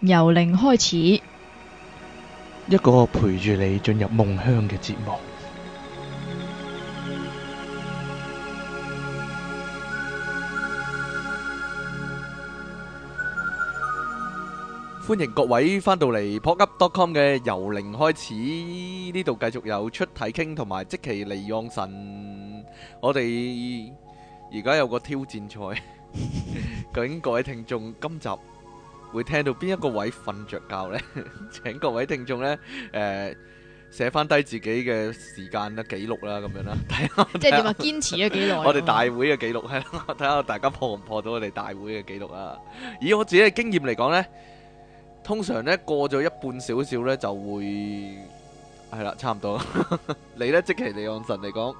由零開始，一個陪住你進入夢鄉嘅節目。歡迎各位翻到嚟扑 up.com 嘅由零開始呢度，繼續有出體傾同埋即其利用神。我哋而家有個挑戰賽，究竟各位聽眾今集。會聽到邊一個位瞓着覺咧？ 請各位聽眾咧，誒、呃，寫翻低自己嘅時間啦、記錄啦，咁樣啦。睇下，即係點啊？堅持咗幾耐？我哋大會嘅記錄係，睇 下大家破唔破到我哋大會嘅記錄啊？以我自己嘅經驗嚟講咧，通常咧過咗一半少少咧就會係啦，差唔多。 你咧，即其你按神嚟講。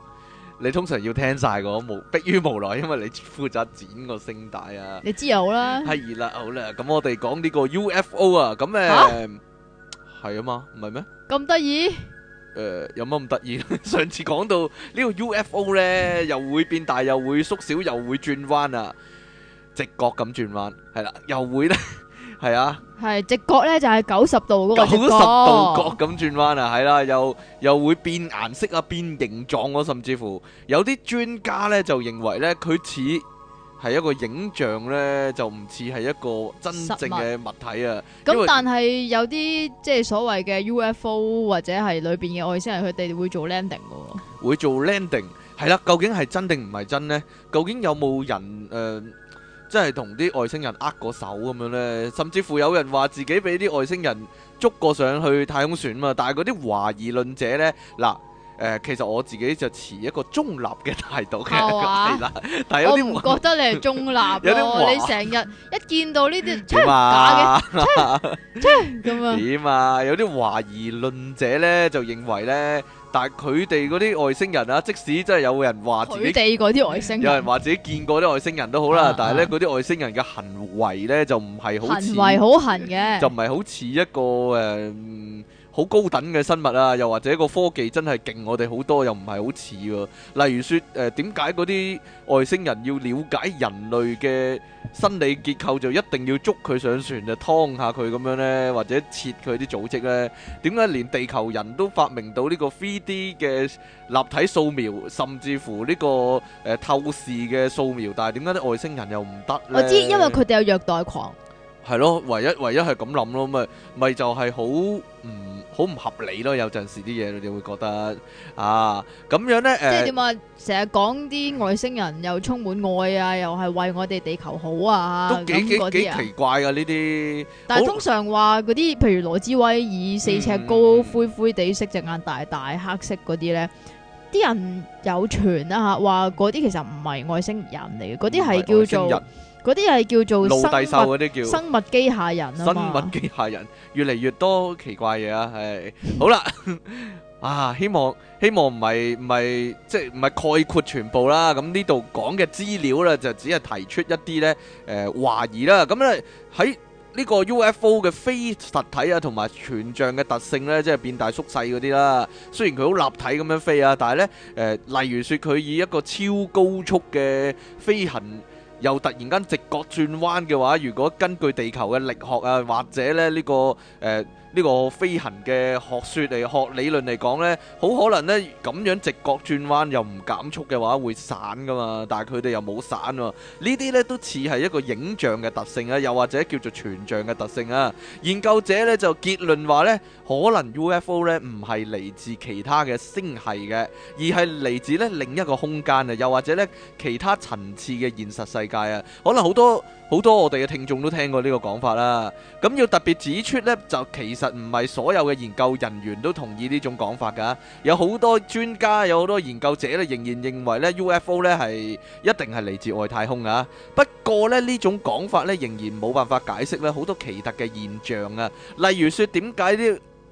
你通常要聽晒個無，迫於無奈，因為你負責剪個聲帶啊。你知又好啦。係啦，好啦，咁我哋講呢個 UFO 啊，咁誒，係啊嘛，唔係咩？咁得意？誒，有乜咁得意？上次講到呢個 UFO 呢，又會變大，又會縮小，又會轉彎啊，直角咁轉彎，係啦，又會呢。係啊，係直角咧，就係九十度嗰個直角，九十度角咁轉彎啊，係啦，又又會變顏色啊，變形狀啊，甚至乎有啲專家咧就認為咧，佢似係一個影像咧，就唔似係一個真正嘅物體啊。咁但係有啲即係所謂嘅 UFO 或者係裏邊嘅外星人，佢哋會做 landing 嘅，會做 landing，係啦。究竟係真定唔係真咧？究竟有冇人誒？即係同啲外星人握過手咁樣呢，甚至乎有人話自己俾啲外星人捉過上去太空船啊嘛，但係嗰啲懷疑論者呢，嗱，誒、呃，其實我自己就持一個中立嘅態度嘅，係啦。我唔覺得你係中立，有啲懷疑。你成日一見到呢啲假嘅，咁啊？點 啊，啊？有啲懷疑論者呢，就認為呢。但係佢哋嗰啲外星人啊，即使真係有人話自己，啲外星人 有人話自己見過啲外星人都好啦，啊，但係咧，嗰啲外星人嘅行為咧，就唔係好，唔係好行嘅，就唔係好似一個誒。嗯好高等嘅生物啊，又或者個科技真係勁，我哋好多又唔係好似喎。例如説，誒點解嗰啲外星人要了解人類嘅生理結構，就一定要捉佢上船就劏下佢咁樣咧，或者切佢啲組織咧？點解連地球人都發明到呢個 3D 嘅立體掃描，甚至乎呢個誒透視嘅掃描，但係點解啲外星人又唔得咧？我知，因為佢哋有虐待狂。係咯，唯一唯一係咁諗咯，咪咪就係好唔～好唔合理咯，有陣時啲嘢你會覺得啊，咁樣呢？即係點啊？成日講啲外星人又充滿愛啊，又係為我哋地球好啊，都幾、啊、奇怪噶呢啲。但係通常話嗰啲，譬如羅茲威爾四尺高、嗯、灰灰地色、隻眼大大、黑色嗰啲呢，啲人有傳啦嚇，話嗰啲其實唔係外星人嚟嘅，嗰啲係叫做。嗰啲係叫做生物機械人生物機械人，機人越嚟越多奇怪嘢啊！係好啦， 啊希望希望唔係唔係即係唔係概括全部啦。咁呢度講嘅資料咧，就只係提出一啲咧誒懷疑啦。咁咧喺呢個 UFO 嘅非實體啊，同埋全像嘅特性咧，即係變大縮細嗰啲啦。雖然佢好立體咁樣飛啊，但係咧誒，例如說佢以一個超高速嘅飛行。又突然間直角轉彎嘅話，如果根據地球嘅力學啊，或者呢、呢、呢個誒、呃呢個飛行嘅學説嚟學理論嚟講呢，好可能呢，咁樣直角轉彎又唔減速嘅話，會散噶嘛。但係佢哋又冇散喎。呢啲呢都似係一個影像嘅特性啊，又或者叫做全像嘅特性啊。研究者呢就結論話呢可能 UFO 呢唔係嚟自其他嘅星系嘅，而係嚟自呢另一個空間啊，又或者呢其他層次嘅現實世界啊，可能好多。好多我哋嘅聽眾都聽過呢個講法啦，咁要特別指出呢，就其實唔係所有嘅研究人員都同意呢種講法噶，有好多專家，有好多研究者仍然認為呢 UFO 呢係一定係嚟自外太空啊。不過呢，呢種講法呢仍然冇辦法解釋呢好多奇特嘅現象啊，例如説點解呢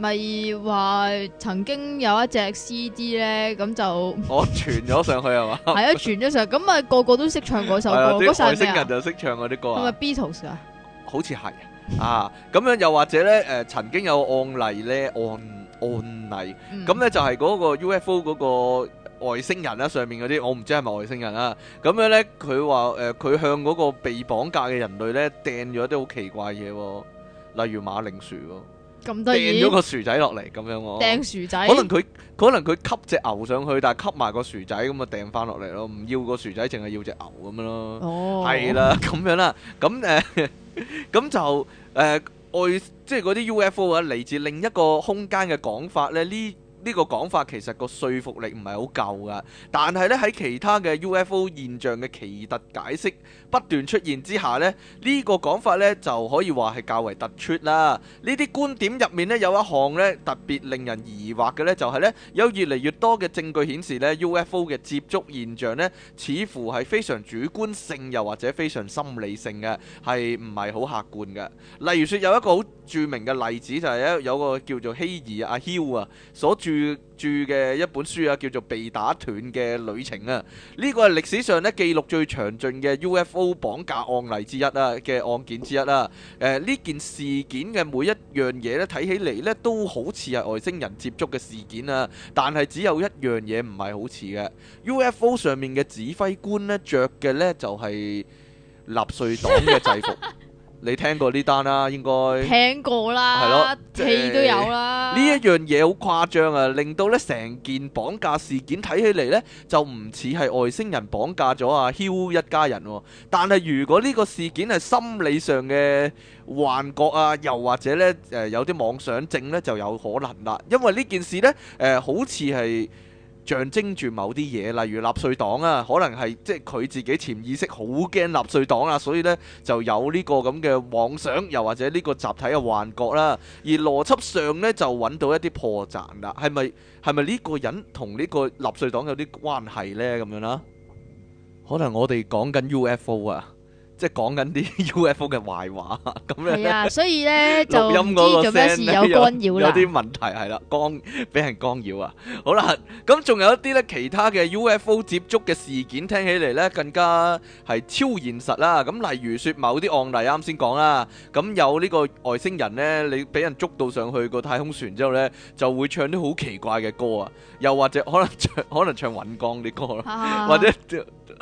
咪話曾經有一隻 CD 咧，咁就我 傳咗上去係嘛？係啊，傳咗上去，咁啊，個個都識唱嗰首歌。啲、 啊、外星人就識唱嗰啲歌啊。係咪 Beatles 的是 啊？好似係啊，咁樣又或者咧誒、呃，曾經有案例咧案案例咁咧、 嗯，就係、是、嗰個 UFO 嗰個外星人啦，上面嗰啲我唔知係咪外星人啊。咁樣咧，佢話誒，佢、呃、向嗰個被綁架嘅人類咧掟咗啲好奇怪嘢喎，例如馬鈴薯喎。掟咗個薯仔落嚟咁樣喎，掟薯仔。可能佢可能佢吸隻牛上去，但係吸埋個薯仔咁啊，掟翻落嚟咯，唔要個薯仔，淨係要隻牛咁樣咯。哦，係啦，咁樣啦，咁誒，咁、呃、 就誒、呃、外，即係嗰啲 UFO 啊，嚟自另一個空間嘅講法咧，呢。呢、個講法其實個說服力唔係好夠噶但係咧，喺其他嘅 UFO 現象嘅奇特解釋不斷出現之下咧，呢、個講法咧就可以話係較為突出啦。呢啲觀點入面咧有一項咧特別令人疑惑嘅咧，就係咧有越嚟越多嘅證據顯示咧 UFO 嘅接觸現象咧，似乎係非常主觀性又或者非常心理性嘅，係唔係好客觀嘅。例如說有一個好著名嘅例子就係有個叫做希爾阿 Hill 啊所。住住嘅一本書啊，叫做《被打斷嘅旅程》啊，呢個係歷史上咧記錄最詳盡嘅 UFO 綁架案例之一啊嘅案件之一啦、啊。誒、呃，呢件事件嘅每一樣嘢咧，睇起嚟咧都好似係外星人接觸嘅事件啊，但係只有一樣嘢唔係好似嘅，UFO 上面嘅指揮官咧著嘅咧就係、是、納粹黨嘅制服。 你聽過呢單啦，應該聽過啦，戲都有啦。呢、呃、一樣嘢好誇張啊，令到咧成件綁架事件睇起嚟呢，就唔似係外星人綁架咗阿 h u 一家人、啊。但係如果呢個事件係心理上嘅幻覺啊，又或者呢，誒、呃、有啲妄想症呢，就有可能啦。因為呢件事呢，誒、呃、好似係。象徵住某啲嘢，例如納粹黨啊，可能係即係佢自己潛意識好驚納粹黨啊，所以呢就有呢個咁嘅妄想，又或者呢個集體嘅幻覺啦、啊。而邏輯上呢，就揾到一啲破綻啦。係咪係咪呢個人同呢個納粹黨有啲關係呢？咁樣啦、啊，可能我哋講緊 UFO 啊。即係講緊啲 UFO 嘅壞話，咁樣。係啊，所以咧就唔知做咩事有干擾啦，有啲問題係啦，光俾人干擾啊。好啦，咁仲有一啲咧其他嘅 UFO 接觸嘅事件，聽起嚟咧更加係超現實啦。咁例如説某啲案例啱先講啦，咁有呢個外星人咧，你俾人捉到上去個太空船之後咧，就會唱啲好奇怪嘅歌啊，又或者可能唱可能唱揾光啲歌咯，或者。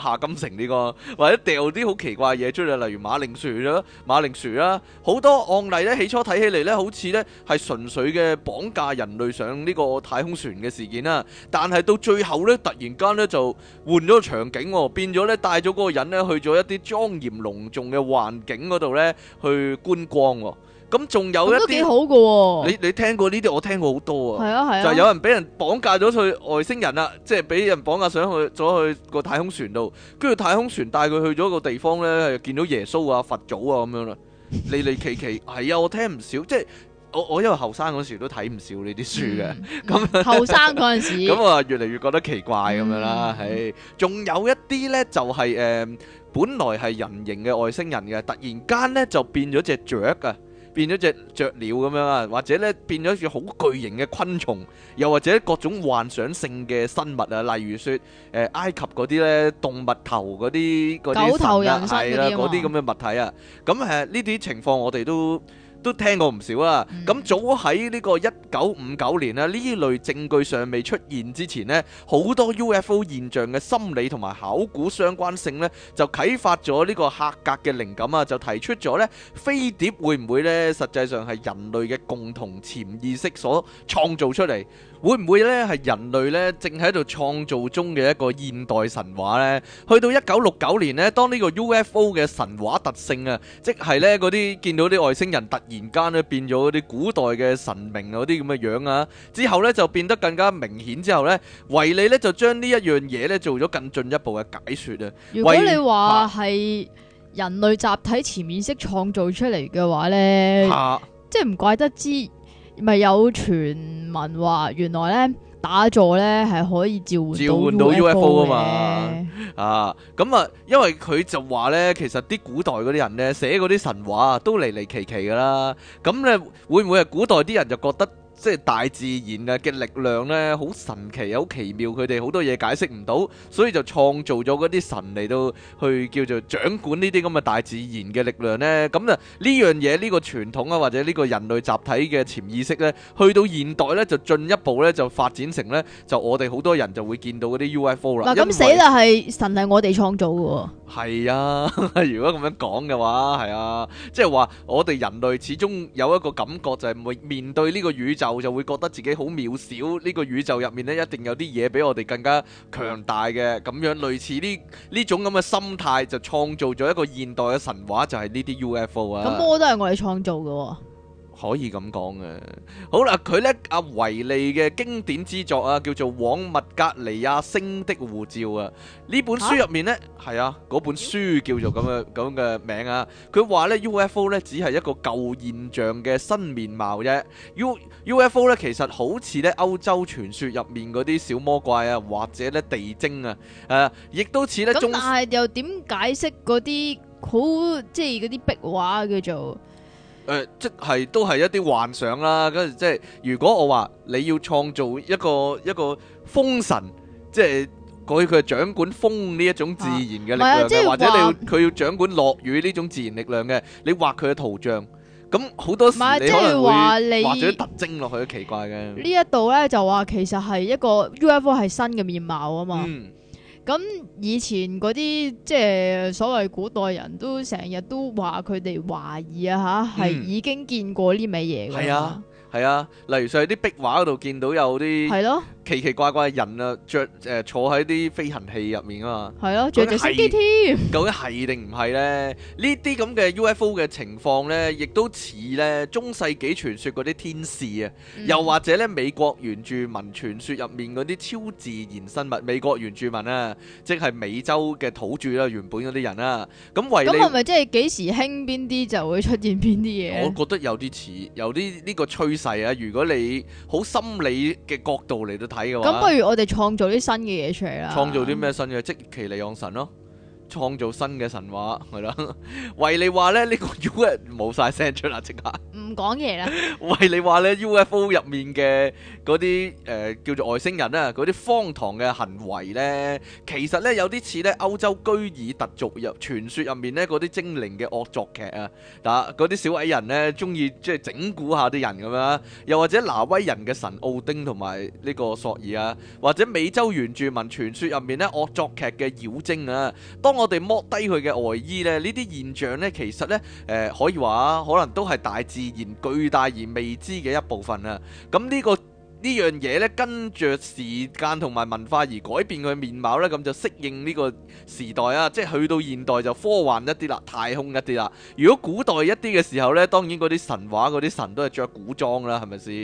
夏金城呢、呢個，或者掉啲好奇怪嘅嘢出嚟，例如馬鈴薯啦，馬鈴薯啦，好多案例咧，起初睇起嚟咧，好似咧係純粹嘅綁架人類上呢個太空船嘅事件啦，但係到最後咧，突然間咧就換咗個場景，變咗咧帶咗嗰個人咧去咗一啲莊嚴隆重嘅環境嗰度咧去觀光。咁仲有一啲都幾好噶，你你聽過呢啲？我聽過好多啊。係啊係啊，就有人俾人綁架咗去外星人啦，即係俾人綁架上去咗去個太空船度，跟住太空船帶佢去咗個地方咧，又見到耶穌啊、佛祖啊咁樣啦，離離奇奇係啊，我聽唔少，即係我我因為後生嗰時都睇唔少呢啲書嘅，咁後生嗰陣時，咁啊越嚟越覺得奇怪咁樣啦，係，仲有一啲咧就係誒本來係人形嘅外星人嘅，突然間咧就變咗隻雀噶。變咗隻雀鳥咁樣啊，或者咧變咗一隻好巨型嘅昆蟲，又或者各種幻想性嘅生物啊，例如説誒、呃、埃及嗰啲咧動物頭嗰啲嗰啲神啦、啊，係啦嗰啲咁嘅物體啊，咁誒呢啲情況我哋都。都聽過唔少啦，咁早喺呢個一九五九年咧，呢類證據尚未出現之前咧，好多 UFO 現象嘅心理同埋考古相關性咧，就啟發咗呢個客格嘅靈感啊，就提出咗咧飛碟會唔會咧，實際上係人類嘅共同潛意識所創造出嚟。會唔會呢？係人類呢正喺度創造中嘅一個現代神話呢？去到一九六九年呢，當呢個 UFO 嘅神話特性啊，即係呢嗰啲見到啲外星人突然間咧變咗啲古代嘅神明啊，嗰啲咁嘅樣啊，之後呢就變得更加明顯之後呢，維利呢就將呢一樣嘢呢做咗更進一步嘅解說啊。如果你話係人類集體潛意識創造出嚟嘅話呢，即係唔怪得知。咪有傳聞話原來咧打坐咧係可以召喚召喚到 UFO 啊嘛！啊，咁、嗯、啊，因為佢就話咧，其實啲古代啲人咧寫啲神話啊，都離離奇奇噶啦。咁咧會唔會係古代啲人就覺得？即係大自然啊嘅力量咧，好神奇好奇妙，佢哋好多嘢解釋唔到，所以就創造咗啲神嚟到去叫做掌管呢啲咁嘅大自然嘅力量咧。咁啊呢樣嘢呢個傳統啊，或者呢個人類集體嘅潛意識咧，去到現代咧就進一步咧就發展成咧，就我哋好多人就會見到啲 UFO 啦。嗱咁死啦，係神係我哋創造嘅喎。係啊，如果咁樣講嘅話係啊，即係話我哋人類始終有一個感覺就係會面對呢個宇宙。就就會覺得自己好渺小，呢、這個宇宙入面咧一定有啲嘢比我哋更加強大嘅，咁樣類似呢呢種咁嘅心態就創造咗一個現代嘅神話，就係呢啲 UFO 啊。咁魔都係我哋創造嘅。哦。可以咁講嘅。好啦，佢呢，阿、啊、維利嘅經典之作啊，叫做《往麥格尼亞星的護照》啊。呢本書入面呢，係啊，嗰、啊、本書叫做咁嘅咁嘅名字啊。佢話呢 UFO 呢，只係一個舊現象嘅新面貌啫。U UFO 呢，其實好似呢，歐洲傳說入面嗰啲小魔怪啊，或者呢地精啊，誒、啊，亦都似呢。但係又點解釋嗰啲好即係嗰啲壁畫叫做？誒、呃，即係都係一啲幻想啦。跟即係，如果我話你要創造一個一個風神，即係佢佢係掌管風呢一種自然嘅力量、啊啊、或者你要佢、就是、要掌管落雨呢種自然力量嘅，你畫佢嘅圖像。咁好多時你可能畫咗特徵落去，奇怪嘅。呢一度咧就話、是、其實係一個 UFO 係新嘅面貌啊嘛。嗯咁以前嗰啲即係所謂古代人都成日都話佢哋懷疑啊吓，係、嗯、已經見過呢味嘢㗎嘛。係啊，係啊，例如上啲壁畫嗰度見到有啲係咯。奇奇怪怪嘅人啊，着誒、呃、坐喺啲飛行器入面啊嘛，係咯，着住飛機添。究竟係定唔係咧？是是是呢啲咁嘅 UFO 嘅情況咧，亦都似咧中世紀傳說嗰啲天使啊，嗯、又或者咧美國原住民傳說入面嗰啲超自然生物，美國原住民啊，即係美洲嘅土著啦、啊，原本嗰啲人啊，咁為咁係咪即係幾時興邊啲就會出現邊啲嘢？我覺得有啲似，有啲呢個趨勢啊。如果你好心理嘅角度嚟到睇。咁不如我哋創造啲新嘅嘢出嚟啦！創造啲咩新嘅？即其利用神咯。創造新嘅神話係啦，維利、這個、U... 話咧呢個 U.E. 冇晒聲出啦，即刻唔講嘢啦。維利話咧 U.F.O. 入面嘅嗰啲誒叫做外星人啦，啊，嗰啲荒唐嘅行為咧，其實咧有啲似咧歐洲居爾特族入傳説入面咧嗰啲精靈嘅惡作劇啊，嗱，嗰啲小矮人咧中意即係整蠱下啲人咁樣，又或者挪威人嘅神奧丁同埋呢個索爾啊，或者美洲原住民傳説入面咧惡作劇嘅妖精啊，當我哋剝低佢嘅外衣呢，呢啲現象呢，其實呢，誒、呃、可以話、啊、可能都係大自然巨大而未知嘅一部分啊。咁呢個呢樣嘢呢，跟著時間同埋文化而改變佢面貌呢，咁就適應呢個時代啊。即係去到現代就科幻一啲啦，太空一啲啦。如果古代一啲嘅時候呢，當然嗰啲神話嗰啲神都係着古裝啦，係咪先？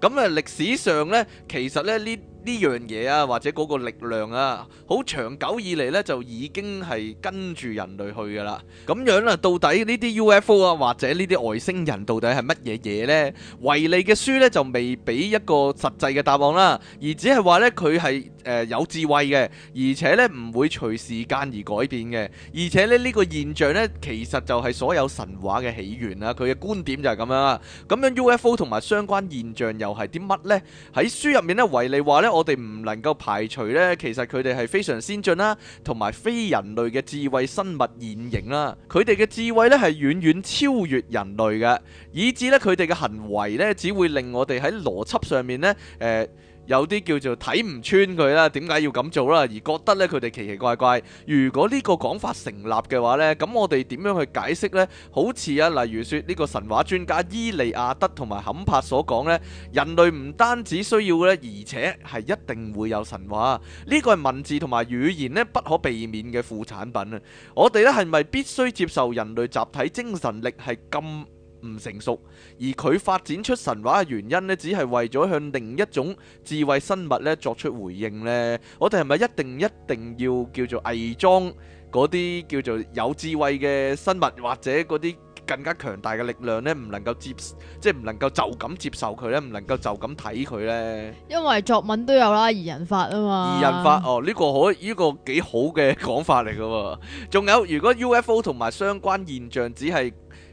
咁啊，歷史上呢，其實呢呢。呢樣嘢啊，或者嗰個力量啊，好長久以嚟咧就已經係跟住人類去噶啦。咁樣啦，啊，到底呢啲 UFO 啊，或者呢啲外星人到底係乜嘢嘢咧？維利嘅書咧就未俾一個實際嘅答案啦，而只係話咧佢係誒有智慧嘅，而且咧唔會隨時間而改變嘅，而且咧呢、呢個現象咧其實就係所有神話嘅起源啦。佢嘅觀點就係咁樣啦。咁樣 UFO 同埋相關現象又係啲乜咧？喺書入面咧，維利話咧。我哋唔能夠排除呢，其實佢哋係非常先進啦，同埋非人類嘅智慧生物現形啦。佢哋嘅智慧呢係遠遠超越人類嘅，以至呢，佢哋嘅行為呢，只會令我哋喺邏輯上面呢。誒、呃。有啲叫做睇唔穿佢啦，點解要咁做啦？而覺得呢，佢哋奇奇怪怪。如果呢個講法成立嘅話呢，咁我哋點樣去解釋呢？好似啊，例如說呢個神話專家伊利亞德同埋坎柏所講呢：「人類唔單止需要呢，而且係一定會有神話。」呢個係文字同埋語言呢不可避免嘅副產品啊！我哋呢係咪必須接受人類集體精神力係咁唔成熟，而佢發展出神話嘅原因咧，只係為咗向另一種智慧生物咧作出回應咧。我哋係咪一定一定要叫做偽裝嗰啲叫做有智慧嘅生物，或者嗰啲更加強大嘅力量咧，唔能夠接，即係唔能夠就咁接受佢咧，唔能夠就咁睇佢咧？因為作文都有啦，擬人法啊嘛。擬人法哦，呢個可呢個幾好嘅講法嚟㗎喎。仲有，如果 UFO 同埋相關現象只係。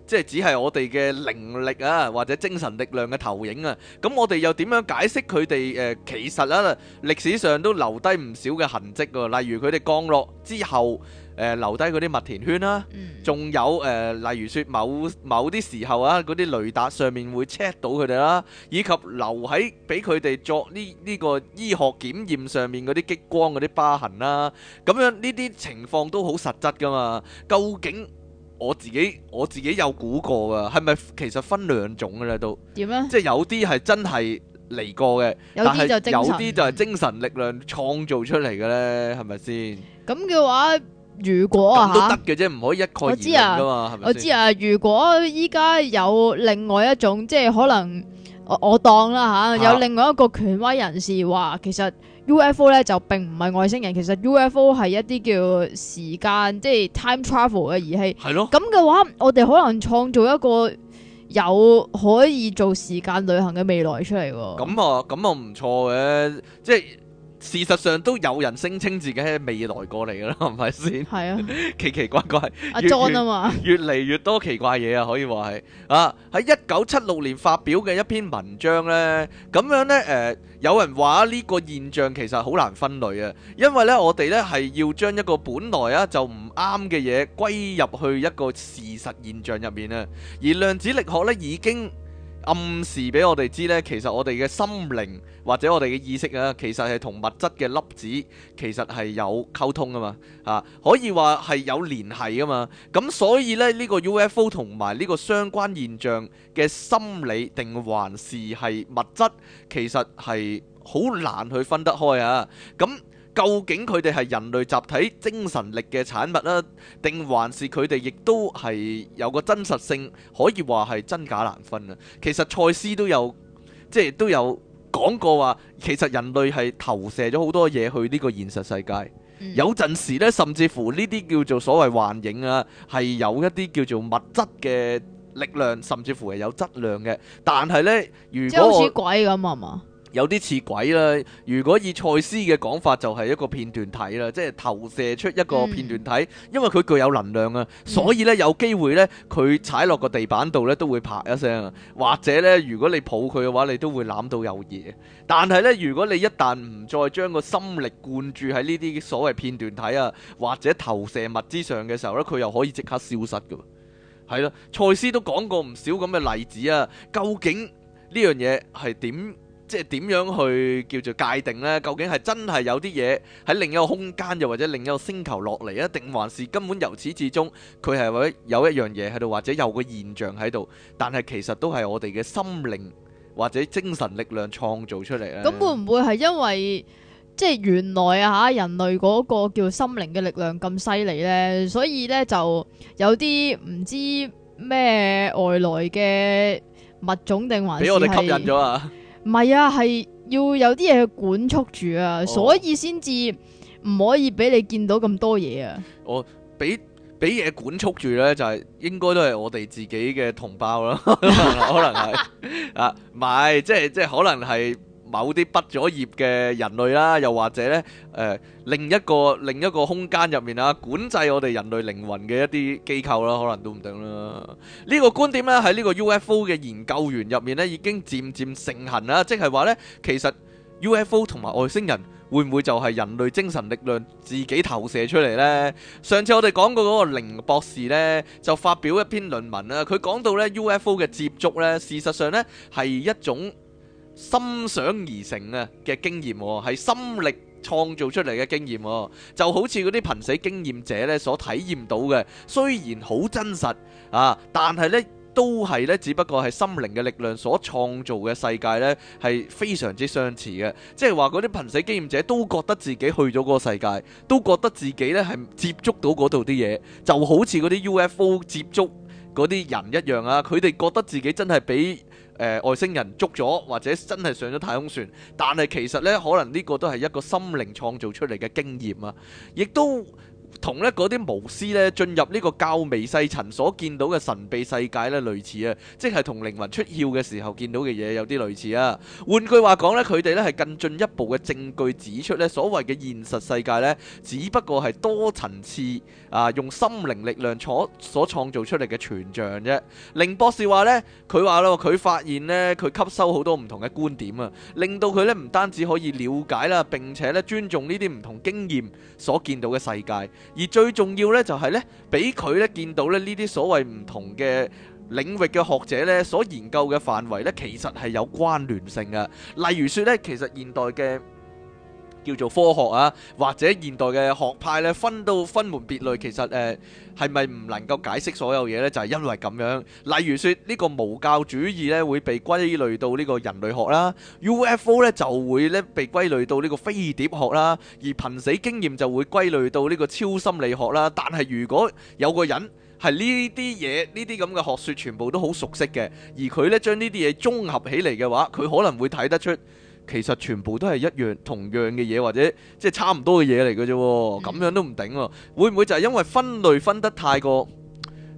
即係只係我哋嘅靈力啊，或者精神力量嘅投影啊。咁我哋又點樣解釋佢哋？誒、呃，其實啊，歷史上都留低唔少嘅痕跡喎、啊。例如佢哋降落之後，誒、呃、留低嗰啲麥田圈啦、啊，仲、嗯、有誒、呃，例如説某某啲時候啊，嗰啲雷達上面會 check 到佢哋啦，以及留喺俾佢哋作呢呢、呢個醫學檢驗上面嗰啲激光嗰啲疤痕啦、啊。咁樣呢啲情況都好實質㗎嘛？究竟？我自己我自己有估過噶，係咪其實分兩種噶咧都點樣？即係有啲係真係嚟過嘅，有啲就精神，係有啲就係精神力量創造出嚟嘅咧，係咪先？咁嘅話，如果咁都得嘅啫，唔、啊、可以一概而論噶嘛？係咪？我知，啊，是是我知啊。如果依家有另外一種，即係可能我我當啦嚇、啊，有另外一個權威人士話其實。UFO 咧就並唔係外星人，其實 UFO 係一啲叫時間即係 time travel 嘅儀器。係咯，咁嘅話，我哋可能創造一個有可以做時間旅行嘅未來出嚟喎。咁啊，咁啊唔錯嘅，即係。事實上都有人聲稱自己係未來過嚟㗎啦，係咪先？係啊， 奇奇怪怪阿裝啊嘛，越嚟越，越，越多奇怪嘢啊，可以話係啊喺一九七六年發表嘅一篇文章呢，咁樣呢，誒、呃，有人話呢個現象其實好難分類啊，因為呢，我哋呢係要將一個本來啊就唔啱嘅嘢歸入去一個事實現象入面啊，而量子力學呢已經。暗示俾我哋知呢，其實我哋嘅心靈或者我哋嘅意識啊，其實係同物質嘅粒子其實係有溝通噶嘛，嚇可以話係有聯繫噶嘛。咁所以呢，呢個 UFO 同埋呢個相關現象嘅心理定還是係物質，其實係好難去分得開啊。咁究竟佢哋係人類集體精神力嘅產物啦、啊，定還是佢哋亦都係有個真實性？可以話係真假難分啊！其實賽斯都有即係都有講過話，其實人類係投射咗好多嘢去呢個現實世界。嗯、有陣時咧，甚至乎呢啲叫做所謂幻影啊，係有一啲叫做物質嘅力量，甚至乎係有質量嘅。但係呢，如果好似鬼咁啊嘛～有啲似鬼啦。如果以賽斯嘅講法，就係一個片段體啦，即係投射出一個片段體，嗯、因為佢具有能量啊、嗯，所以呢，有機會呢，佢踩落個地板度呢，都會啪一聲啊。或者呢，如果你抱佢嘅話，你都會攬到有嘢。但係呢，如果你一旦唔再將個心力灌注喺呢啲所謂片段體啊或者投射物之上嘅時候呢，佢又可以即刻消失噶、啊。係咯，賽斯都講過唔少咁嘅例子啊。究竟呢樣嘢係點？即係點樣去叫做界定呢？究竟係真係有啲嘢喺另一個空間，又或者另一個星球落嚟啊？定還是根本由始至終佢係會有一樣嘢喺度，或者有個現象喺度？但係其實都係我哋嘅心靈或者精神力量創造出嚟咧。咁會唔會係因為即係原來啊吓人類嗰個叫心靈嘅力量咁犀利呢？所以呢就有啲唔知咩外來嘅物種定還是俾我哋吸引咗啊？唔係啊，係要有啲嘢管束住啊，哦、所以先至唔可以俾你見到咁多嘢啊我。我俾俾嘢管束住咧，就係、係、應該都係我哋自己嘅同胞啦，可能係 啊，唔 係，即係即係可能係。某啲畢咗業嘅人類啦，又或者咧，誒另一個另一個空間入面啊，管制我哋人類靈魂嘅一啲機構啦，可能都唔定啦。呢個觀點咧，喺呢個 UFO 嘅研究員入面咧已經漸漸盛行啦，即係話咧，其實 UFO 同埋外星人會唔會就係人類精神力量自己投射出嚟咧？上次我哋講過嗰個寧博士咧，就發表一篇論文啦，佢講到咧 UFO 嘅接觸咧，事實上咧係一種。心想而成啊嘅經驗係心力創造出嚟嘅經驗，就好似嗰啲瀕死經驗者呢所體驗到嘅，雖然好真實啊，但係呢都係呢，只不過係心靈嘅力量所創造嘅世界呢係非常之相似嘅。即係話嗰啲瀕死經驗者都覺得自己去咗嗰個世界，都覺得自己呢係接觸到嗰度啲嘢，就好似嗰啲 UFO 接觸嗰啲人一樣啊！佢哋覺得自己真係畀誒、呃、外星人捉咗，或者真係上咗太空船，但係其實呢，可能呢個都係一個心靈創造出嚟嘅經驗啊，亦都。同咧嗰啲巫師咧進入呢個較微細層所見到嘅神秘世界咧，類似啊，即係同靈魂出竅嘅時候見到嘅嘢有啲類似啊。換句話講咧，佢哋咧係更進一步嘅證據指出咧，所謂嘅現實世界咧，只不過係多層次啊，用心靈力量所所創造出嚟嘅全像啫。凌博士話咧，佢話咯，佢發現咧，佢吸收好多唔同嘅觀點啊，令到佢咧唔單止可以了解啦，並且咧尊重呢啲唔同經驗所見到嘅世界。而最重要呢，就係呢，俾佢呢見到呢呢啲所謂唔同嘅領域嘅學者呢所研究嘅範圍呢，其實係有關聯性嘅。例如說呢，其實現代嘅叫做科學啊，或者現代嘅學派咧，分到分門別類，其實誒係咪唔能夠解釋所有嘢呢？就係、是、因為咁樣。例如說呢、呢個無教主義咧，會被歸類到呢個人類學啦；UFO 咧就會咧被歸類到呢個飛碟學啦，而瀕死經驗就會歸類到呢個超心理學啦。但係如果有個人係呢啲嘢呢啲咁嘅學説全部都好熟悉嘅，而佢咧將呢啲嘢綜合起嚟嘅話，佢可能會睇得出。其實全部都係一樣、同樣嘅嘢，或者即係差唔多嘅嘢嚟嘅啫。咁樣都唔頂，會唔會就係因為分類分得太過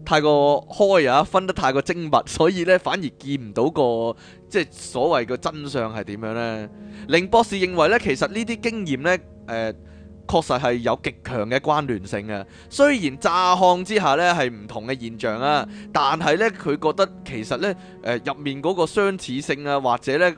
太過開啊？分得太過精密，所以呢反而見唔到個即係所謂嘅真相係點樣呢？令博士認為呢，其實呢啲經驗呢誒、呃、確實係有極強嘅關聯性嘅啊。雖然乍看之下呢係唔同嘅現象啊，但係呢，佢覺得其實呢誒入、呃、面嗰個相似性啊，或者呢。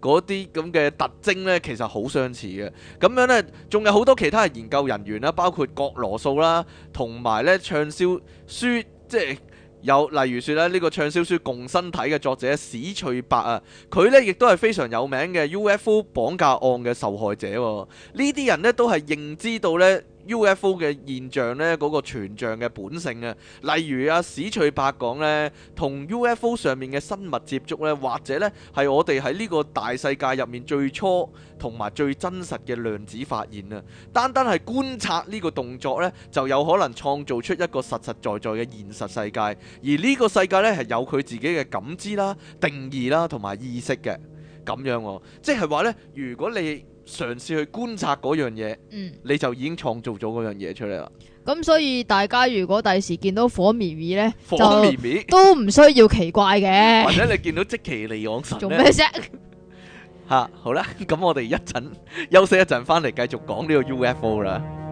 嗰啲咁嘅特徵呢，其實好相似嘅。咁樣呢，仲有好多其他嘅研究人員啦，包括郭羅素啦，同埋呢暢銷書，即係有例如說咧呢個暢銷書共生體嘅作者史翠伯啊，佢呢亦都係非常有名嘅 UFO 綁架案嘅受害者喎。呢啲人呢，都係認知到呢。UFO 嘅現象呢，嗰、那個全像嘅本性啊，例如阿、啊、史翠柏講呢，同 UFO 上面嘅生物接觸呢，或者呢係我哋喺呢個大世界入面最初同埋最真實嘅量子發現啊！單單係觀察呢個動作呢，就有可能創造出一個實實在在嘅現實世界，而呢個世界呢，係有佢自己嘅感知啦、定義啦同埋意識嘅，咁樣喎、啊，即係話呢，如果你嘗試去觀察嗰樣嘢，嗯，你就已經創造咗嗰樣嘢出嚟啦。咁所以大家如果第時見到火咪咪咧，火咪咪都唔需要奇怪嘅。 或者你見到即其尼往，神，做咩啫？吓，好啦，咁我哋一陣休息一陣，翻嚟繼續講呢個 UFO 啦。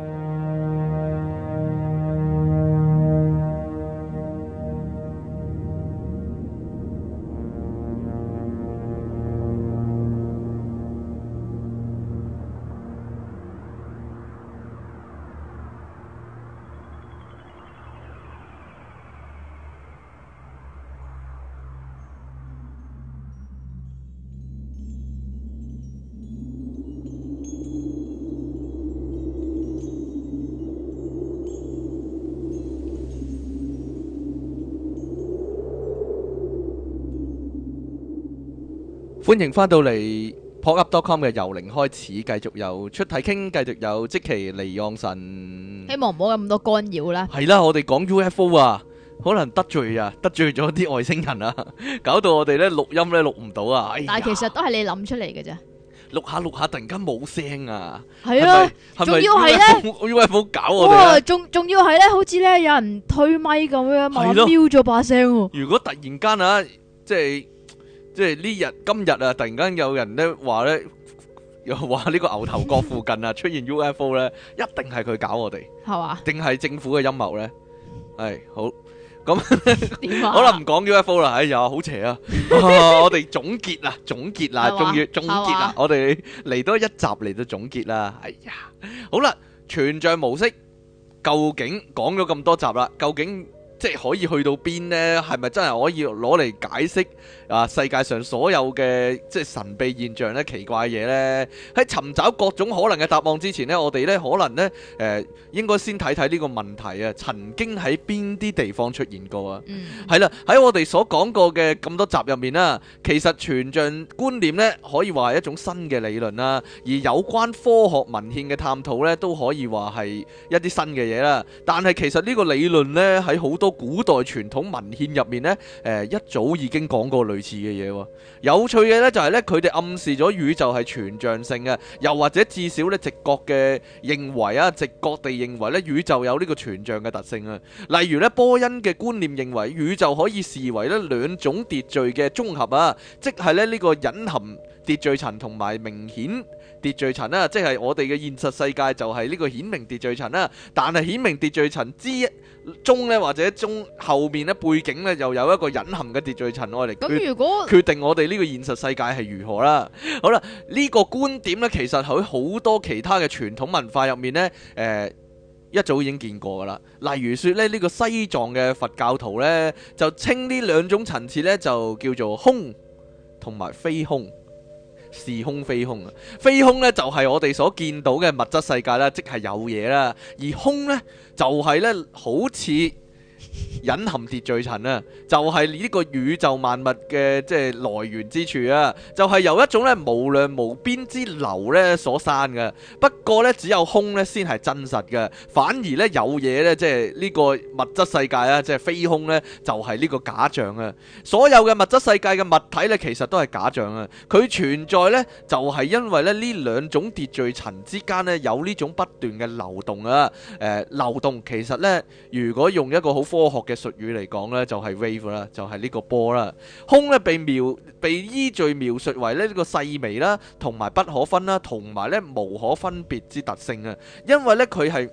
歡迎翻到嚟 popup.com 嘅由零開始，繼續有出體傾，繼續有即期離岸神，希望唔好有咁多干擾啦。係啦，我哋講 UFO 啊，可能得罪啊，得罪咗啲外星人啊，搞到我哋咧錄音咧錄唔到啊。但係其實都係你諗出嚟嘅啫。錄下錄下突然間冇聲啊。係啊，仲要係咧，UFO 搞我哋。哇，仲仲要係咧，好似咧有人推咪咁樣，慢慢 mute 咗把聲。如果突然間啊，即係。即係呢日今日啊，突然間有人咧話咧，又話呢個牛頭角附近啊出現 UFO 咧，一定係佢搞我哋，係嘛？定係政府嘅陰謀咧？係好咁，好啦，唔講 UFO 啦，哎呀，好邪啊！我哋總結啦，總結啦，終於總結啦，我哋嚟多一集嚟到總結啦，哎呀，好啦，全像模式究竟講咗咁多集啦，究竟即係可以去到邊咧？係咪真係可以攞嚟解釋？啊！世界上所有嘅即係神秘現象咧，奇怪嘢咧，喺尋找各種可能嘅答案之前咧，我哋咧可能咧，誒、呃，應該先睇睇呢個問題啊，曾經喺邊啲地方出現過啊？係、嗯、啦，喺我哋所講過嘅咁多集入面啦，其實全像觀念咧，可以話係一種新嘅理論啦、啊，而有關科學文獻嘅探討咧，都可以話係一啲新嘅嘢啦。但係其實呢個理論咧，喺好多古代傳統文獻入面咧，誒、呃，一早已經講過。類似嘅嘢，有趣嘅呢，就係呢，佢哋暗示咗宇宙係全像性嘅，又或者至少呢直覺嘅認為啊，直覺地認為呢，宇宙有呢個全像嘅特性啊。例如呢，波恩嘅觀念認為宇宙可以視為呢兩種秩序嘅綜合啊，即係呢，呢個隱含秩序層同埋明顯秩序層啦，即係我哋嘅現實世界就係呢個顯明秩序層啦，但係顯明秩序層之一。中呢，或者中後面呢，背景呢，又有一個隱含嘅秩序層用嚟決定我哋呢個現實世界係如何啦。好啦，呢個觀點呢，其實喺好多其他嘅傳統文化入面呢，呃，一早已經見過㗎啦。例如說呢個西藏嘅佛教徒呢，就稱呢兩種層次呢，就叫做空同埋非空。空飛空飛空是空非空啊！非空咧就係我哋所見到嘅物質世界啦，即係有嘢啦；而空咧就係咧好似。隱 含秩序層啊，就係、是、呢個宇宙萬物嘅即係來源之處啊，就係、是、由一種咧無量無邊之流咧所生嘅。不過咧只有空咧先係真實嘅，反而咧有嘢咧即係呢個物質世界啊，即係非空咧就係呢個假象啊。所有嘅物質世界嘅物體咧其實都係假象啊。佢存在咧就係因為咧呢兩種秩序層之間咧有呢種不斷嘅流動啊。誒、呃，流動其實咧如果用一個好。科學嘅術語嚟講呢，就係 wave 啦，就係呢個波啦。空呢被描被依序描述為呢呢個細微啦，同埋不可分啦，同埋呢無可分別之特性啊。因為呢佢係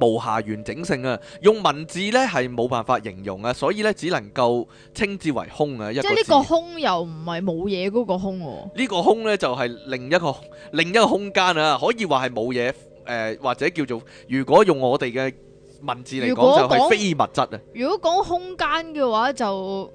無下完整性啊，用文字呢係冇辦法形容啊，所以呢只能夠稱之為空啊。即係呢個空又唔係冇嘢嗰個空。呢個空呢就係另一個另一個空間啊，可以話係冇嘢誒，或者叫做如果用我哋嘅。文字嚟講就係非物質啊！如果講空間嘅話就。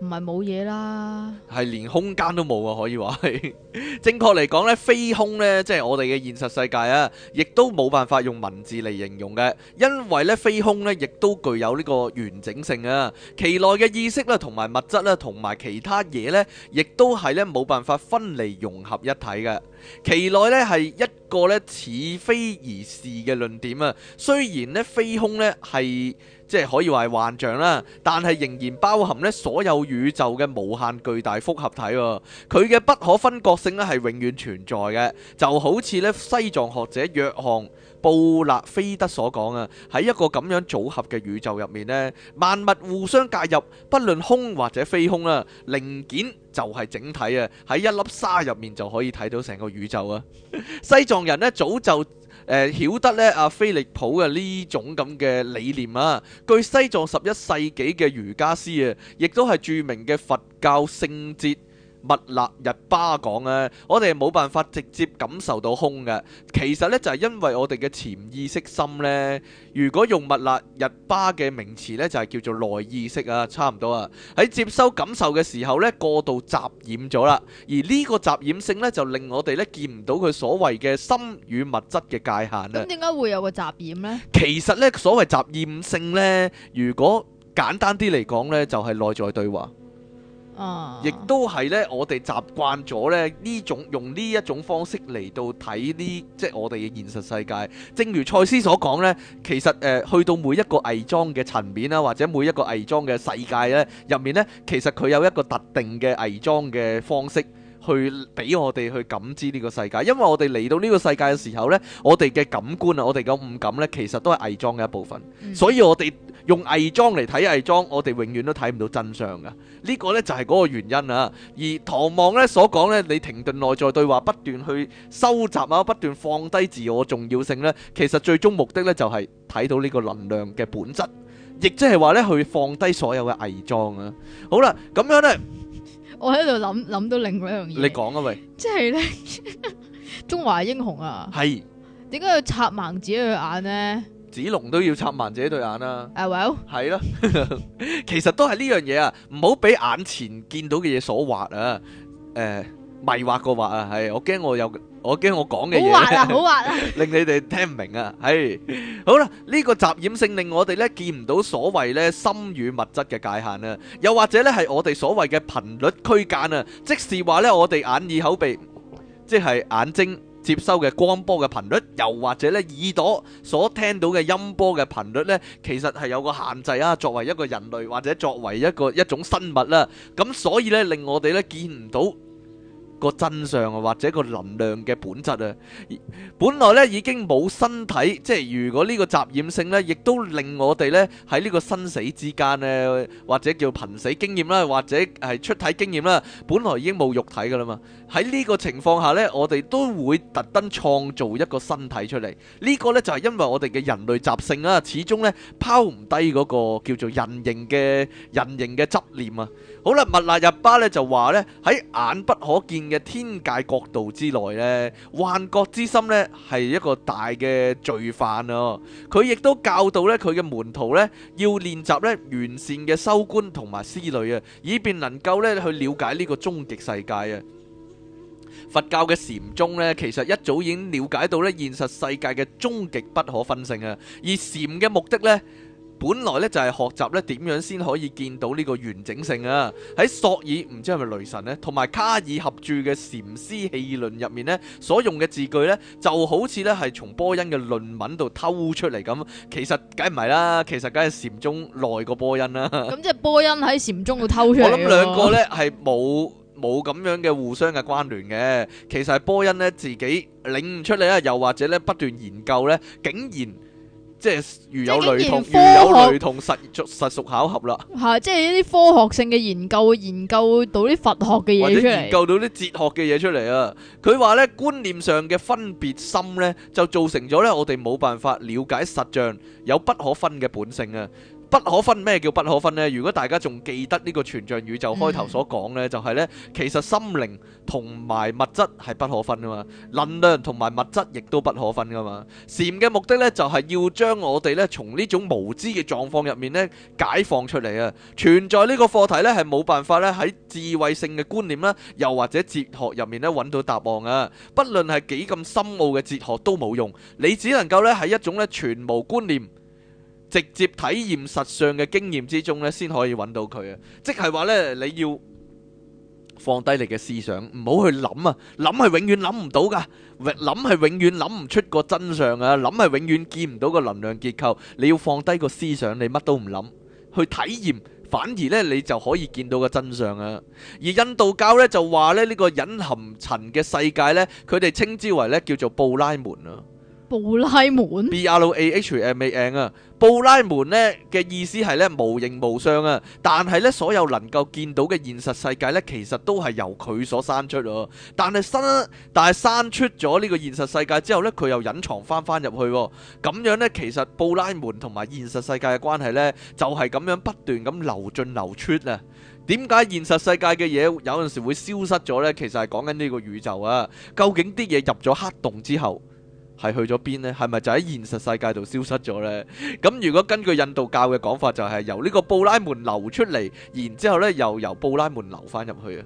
唔係冇嘢啦。係連空間都冇啊！可以話係， 正確嚟講呢，非空呢，即係我哋嘅現實世界啊，亦都冇辦法用文字嚟形容嘅，因為呢，非空呢，亦都具有呢個完整性啊，其內嘅意識咧，同埋物質咧，同埋其他嘢呢，亦都係呢冇辦法分離融合一體嘅，其內呢，係一個呢似非而是嘅論點啊，雖然呢，非空呢，係。即係可以話係幻象啦，但係仍然包含呢所有宇宙嘅無限巨大複合體喎。佢嘅不可分割性呢係永遠存在嘅，就好似呢西藏學者約翰布納菲德所講啊，喺一個咁樣組合嘅宇宙入面呢，萬物互相介入，不論空或者非空啦，零件就係整體啊，喺一粒沙入面就可以睇到成個宇宙啊！ 西藏人呢，早就。誒、嗯、曉得呢，啊，啊菲利普嘅呢種咁嘅理念啊，據西藏十一世紀嘅瑜伽師啊，亦都係著名嘅佛教聖哲。物勒日巴講咧，我哋冇辦法直接感受到空嘅。其實呢，就係因為我哋嘅潛意識心呢。如果用物勒日巴嘅名詞呢，就係叫做內意識啊，差唔多啊。喺接收感受嘅時候呢，過度雜染咗啦。而呢個雜染性呢，就令我哋呢見唔到佢所謂嘅心與物質嘅界限啦。咁點解會有個雜染呢？其實呢，所謂雜染性呢，如果簡單啲嚟講呢，就係內在對話。哦，亦都係咧，我哋習慣咗咧呢種用呢一種方式嚟到睇呢，即係我哋嘅現實世界。正如賽斯所講咧，其實誒、呃、去到每一個偽裝嘅層面啦，或者每一個偽裝嘅世界咧入面咧，其實佢有一個特定嘅偽裝嘅方式。去俾我哋去感知呢個世界，因為我哋嚟到呢個世界嘅時候呢，我哋嘅感官啊，我哋嘅五感呢，感其實都係偽裝嘅一部分，嗯、所以我哋用偽裝嚟睇偽裝，我哋永遠都睇唔到真相噶。呢、呢個呢就係嗰個原因啊。而唐望呢所講呢，你停頓內在對話，不斷去收集啊，不斷放低自我重要性呢，其實最終目的呢，就係睇到呢個能量嘅本質，亦即係話呢，去放低所有嘅偽裝啊。好啦，咁樣呢。我喺度諗諗到另外一樣嘢，你講啊喂，即係咧 中華英雄啊，係點解要插盲自己對眼咧？子龍都要插盲自己對眼啦、啊，係、uh, 咯、well? 啊， 其實都係呢樣嘢啊，唔好俾眼前見到嘅嘢所惑啊，誒、呃、迷惑個惑啊，係我驚我有。我驚我講嘅嘢好滑啊！好滑啊！令你哋聽唔明啊！係好啦，呢個雜染性令我哋呢見唔到所謂呢心與物質嘅界限啦，又或者呢係我哋所謂嘅頻率區間啊！即是話呢我哋眼耳口鼻即係眼睛接收嘅光波嘅頻率，又或者呢耳朵所聽到嘅音波嘅頻率呢，其實係有個限制啊！作為一個人類或者作為一個一種生物啦，咁所以呢令我哋呢見唔到。個真相啊，或者個能量嘅本質啊，本來呢已經冇身體，即係如果呢個雜染性呢，亦都令我哋呢喺呢個生死之間咧，或者叫瀕死經驗啦，或者係出體經驗啦，本來已經冇肉體噶啦嘛。喺呢個情況下呢，我哋都會特登創造一個身體出嚟。呢、呢個呢，就係因為我哋嘅人類習性啊，始終呢，拋唔低嗰個叫做人形嘅人形嘅執念啊。好啦，密納日巴咧，就話咧喺眼不可見嘅天界國度之內咧，幻覺之心咧，係一個大嘅罪犯啊！佢亦都教導咧佢嘅門徒咧要練習咧完善嘅修觀同埋思慮啊，以便能夠咧去了解呢個終極世界啊！佛教嘅禪宗咧，其實一早已經了解到咧現實世界嘅終極不可分性啊，而禪嘅目的咧。本來咧就係學習咧點樣先可以見到呢個完整性啊！喺索爾唔知係咪雷神呢？同埋卡爾合著嘅《禪師氣論》入面呢，所用嘅字句呢，就好似咧係從波恩嘅論文度偷出嚟咁。其實梗唔係啦，其實梗係禪中內個波恩啦。咁即係波恩喺禪中度偷出嚟。 我諗兩個呢係冇冇咁樣嘅互相嘅關聯嘅。其實係波恩呢自己領悟出嚟啦，又或者咧不斷研究呢，竟然。即係如有雷同，如有雷同，實屬巧合啦。係，即係一啲科學性嘅研究會研究到啲佛學嘅嘢出嚟，或者研究到啲哲學嘅嘢出嚟啊。佢話咧，觀念上嘅分別心咧，就造成咗咧，我哋冇辦法了解實相，有不可分嘅本性啊。不可分，咩叫不可分咧？如果大家仲記得呢個全像宇宙開頭所講咧，就係咧其實心靈同埋物質係不可分噶嘛，能量同埋物質亦都不可分噶嘛。禪嘅目的咧就係要將我哋咧從呢種無知嘅狀況入面咧解放出嚟啊！存在呢個課題咧係冇辦法咧喺智慧性嘅觀念啦，又或者哲學入面咧揾到答案啊！不論係幾咁深奧嘅哲學都冇用，你只能夠咧係一種咧全無觀念。直接體驗實相嘅經驗之中呢，先可以搵到佢。即係話呢，你要放低你嘅思想，唔好去諗呀！諗係永遠諗唔到㗎，諗係永遠諗唔出個真相呀，諗係永遠見唔到個能量結構。你要放低個思想，你乜都唔諗，去體驗，反而呢，你就可以見到個真相呀！而印度教呢就話呢個隱含塵嘅世界呢，佢哋稱之為呢，叫做布拉門啊布拉門，B R A H M A N 啊！布拉門咧嘅意思係咧無形無相啊，但係咧所有能夠見到嘅現實世界咧，其實都係由佢所生出，但係生但係生出咗呢個現實世界之後咧，佢又隱藏翻翻入去，咁樣咧，其實布拉門同埋現實世界嘅關係咧，就係咁樣不斷咁流進流出啊！點解現實世界嘅嘢有陣時會消失咗咧？其實係講緊呢個宇宙啊，究竟啲嘢入咗黑洞之後，係去咗邊呢？係咪就喺現實世界度消失咗呢？咁如果根據印度教嘅講法，就係由呢個布拉門流出嚟，然之後咧又由布拉門流返入去啊！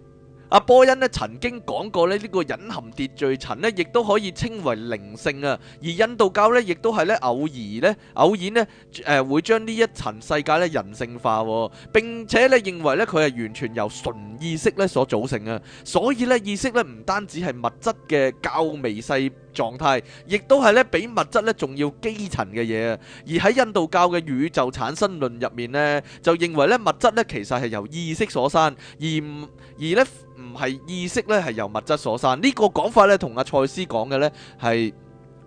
阿波恩咧曾經講過咧，呢個隱含秩序層呢亦都可以稱為靈性啊！而印度教呢，亦都係咧偶爾咧、偶然呢，誒會將呢一層世界咧人性化，並且咧認為呢，佢係完全由純意識呢所組成啊！所以呢，意識呢唔單止係物質嘅較微細。狀態亦都係咧比物質咧仲要基層嘅嘢啊！而喺印度教嘅宇宙產生論入面呢，就認為咧物質咧其實係由意識所生，而唔而咧唔係意識咧係由物質所生。呢個講法咧同阿賽斯講嘅咧係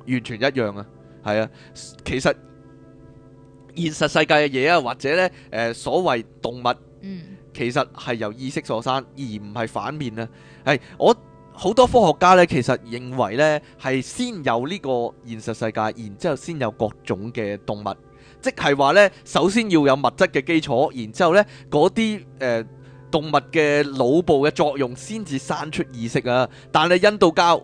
完全一樣啊！係啊，其實現實世界嘅嘢啊，或者咧誒所謂動物，嗯，其實係由意識所生，而唔係反面啊！係我。好多科學家咧，其實認為咧係先有呢個現實世界，然之後先有各種嘅動物，即係話咧首先要有物質嘅基礎，然之後咧嗰啲誒動物嘅腦部嘅作用先至生出意識啊。但係印度教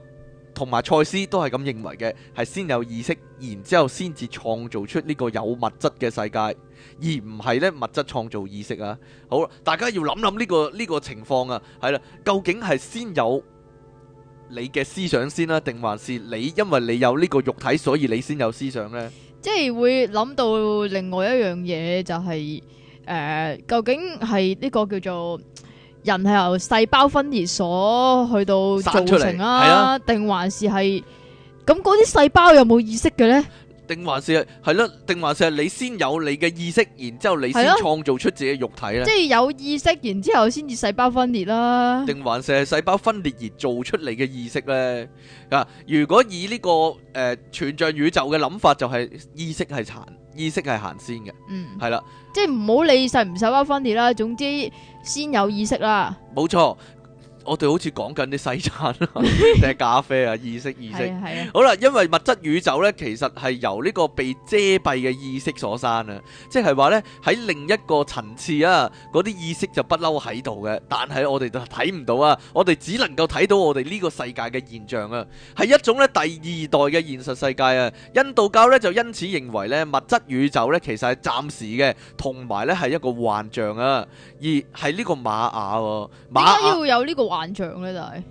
同埋賽斯都係咁認為嘅，係先有意識，然之後先至創造出呢個有物質嘅世界，而唔係咧物質創造意識啊。好，大家要諗諗呢個呢個情況啊，係啦，究竟係先有你嘅思想先啦，啊，定還是你因為你有呢個肉體，所以你先有思想呢。即係會諗到另外一樣嘢，就是，就係誒，究竟係呢個叫做人係由細胞分裂所去到造成啊？定、啊、還是係咁？嗰啲細胞有冇意識嘅呢？定還是係係咯？定還是係你先有你嘅意識，然之後你先創造出自己的肉體咧？即係有意識，然之後先至細胞分裂啦。定還是係細胞分裂而做出你嘅意識咧？嗱，如果以呢、這個誒、呃、全像宇宙嘅諗法，就係意識係殘，意識係行先嘅。嗯，係啦，即係唔好理細唔細胞分裂啦，總之先有意識啦。冇錯。我哋好似講緊啲西餐啊， 咖啡啊，意識意識。 好啦，因為物質宇宙呢，其實係由呢個被遮蔽嘅意識所生啊，即係話呢，喺另一個層次啊，嗰啲意識就不嬲喺度嘅，但係我哋就睇唔到啊，我哋只能夠睇到我哋呢個世界嘅現象啊，係一種呢，第二代嘅現實世界啊。印度教呢，就因此認為呢，物質宇宙呢，其實係暫時嘅，同埋呢係一個幻象啊，而係呢個瑪雅喎。點解要有呢個？幻象咧就係，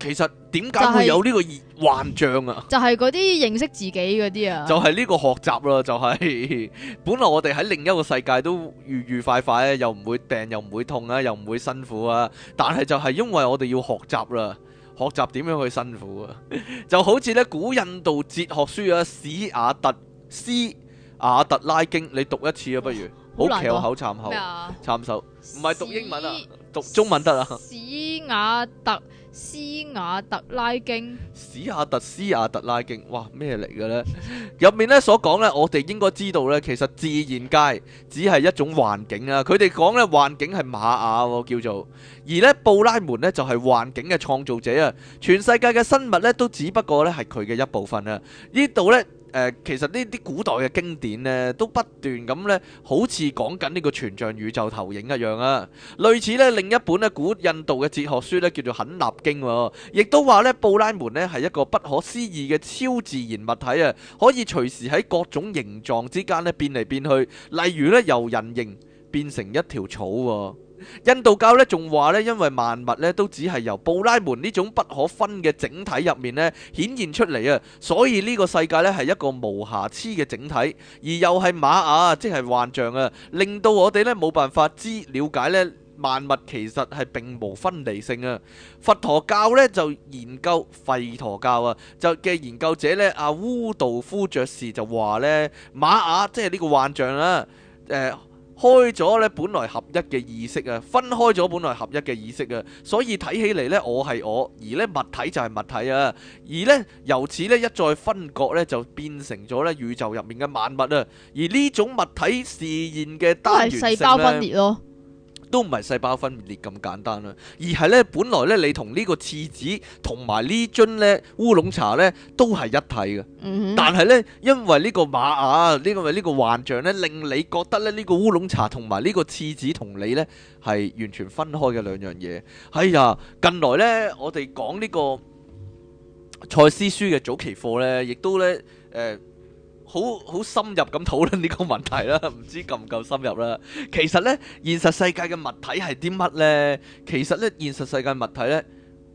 其實點解會有呢個幻象啊？就係嗰啲認識自己嗰啲啊，就係呢個學習啦，就係本來我哋喺另一個世界都愉愉快快咧，又唔會病，又唔會痛啊，又唔會辛苦啊。但係就係因為我哋要學習啦，學習點樣去辛苦啊？ 就好似咧古印度哲學書啊，《史亞特斯亞特拉經》，你讀一次啊，不如好翹口殘口，殘手，唔係讀英文啊。讀中文得喇！史雅特，特，特斯雅特拉經，史雅特斯雅特拉經，哇咩嚟嘅呢？入 面咧所講咧，我哋應該知道咧，其實自然界只係一種環境啊。佢哋講咧，環境係瑪雅我叫做，而咧布拉門咧就係環境嘅創造者啊。全世界嘅生物咧都只不過咧係佢嘅一部分啊。這裡呢度咧。誒、呃，其實呢啲古代嘅經典呢，都不斷咁呢，好似講緊呢個全像宇宙投影一樣啊。類似呢另一本咧古印度嘅哲學書呢，叫做《肯納經》，亦都話呢布拉門呢係一個不可思議嘅超自然物體啊，可以隨時喺各種形狀之間呢變嚟變去，例如呢由人形變成一條草。印度教呢仲話呢，因為萬物呢都只係由布拉門呢種不可分嘅整體入面呢顯現出嚟啊，所以呢個世界呢係一個無瑕疵嘅整體，而又係馬雅，即係幻象啊，令到我哋呢冇辦法知了解呢萬物其實係並無分離性啊。佛陀教呢就研究吠陀教啊，就嘅研究者呢阿烏、啊、道夫爵士就話呢，馬雅即係呢個幻象啊。誒、呃。開咗咧，本來合一嘅意識啊，分開咗本來合一嘅意識啊，所以睇起嚟咧，我係我，而咧物體就係物體啊，而咧由此咧一再分割咧，就變成咗咧宇宙入面嘅萬物啊，而呢種物體試驗嘅單元性咧，都係細胞分裂咯。都唔係細胞分裂咁簡單啦，而係呢，本來呢，你同呢個廁紙同埋呢樽咧烏龍茶呢都係一體嘅，嗯。但係呢，因為呢個瑪雅，呢、呢個呢、呢個幻象呢，令你覺得咧呢、呢個烏龍茶同埋呢個廁紙同你呢係完全分開嘅兩樣嘢。哎呀，近來呢，我哋講呢個賽斯書嘅早期課呢，亦都呢。誒、呃。好好深入咁討論呢個問題啦，唔知夠唔夠深入啦。其實咧，現實世界嘅物體係啲乜咧？其實咧，現實世界物體咧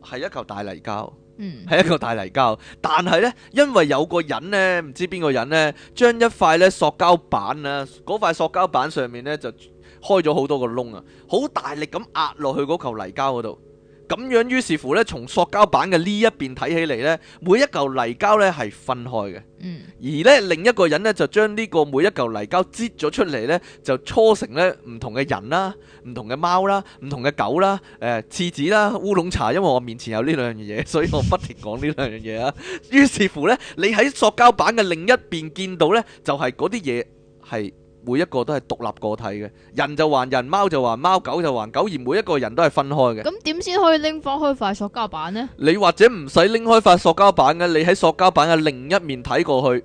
係一嚿大泥膠，嗯，係一個大泥膠。但係咧，因為有個人咧，唔知邊個人咧，將一塊咧塑膠板啦，嗰塊塑膠板上面咧就開咗好多個窿啊，好大力咁壓落去嗰嚿泥膠嗰度。咁樣於是乎咧，從塑膠板嘅呢一邊睇起嚟咧，每一嚿泥膠咧係分開嘅。嗯，而咧另一個人咧就將呢個每一嚿泥膠擠咗出嚟咧，就搓成咧唔同嘅人啦、唔同嘅貓啦、唔同嘅狗啦、誒廁紙啦、烏龍茶。因為我面前有呢兩樣嘢，所以我不停講呢兩樣嘢啊。於是乎咧，你喺塑膠板嘅另一邊見到咧，就係嗰啲嘢係。每一個都係獨立個體嘅，人就還人，貓就還貓，狗就還狗，而每一個人都係分開嘅。咁點先可以拎翻開塊塑膠板呢？你或者唔使拎開塊塑膠板嘅，你喺塑膠板嘅另一面睇過去。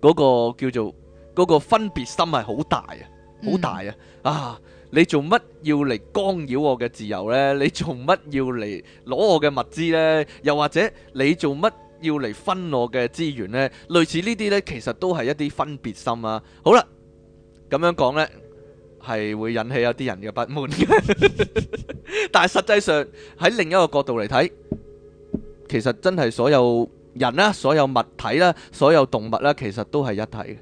嗰個叫做嗰個分別心係好大啊，好大啊！啊，你做乜要嚟干擾我嘅自由呢？你做乜要嚟攞我嘅物資呢？又或者你做乜要嚟分我嘅資源呢？類似呢啲呢，其實都係一啲分別心啊！好啦，咁樣講呢，係會引起有啲人嘅不滿嘅。 但係實際上喺另一個角度嚟睇，其實真係所有，人啦，所有物體啦，所有動物啦，其實都係一體嘅。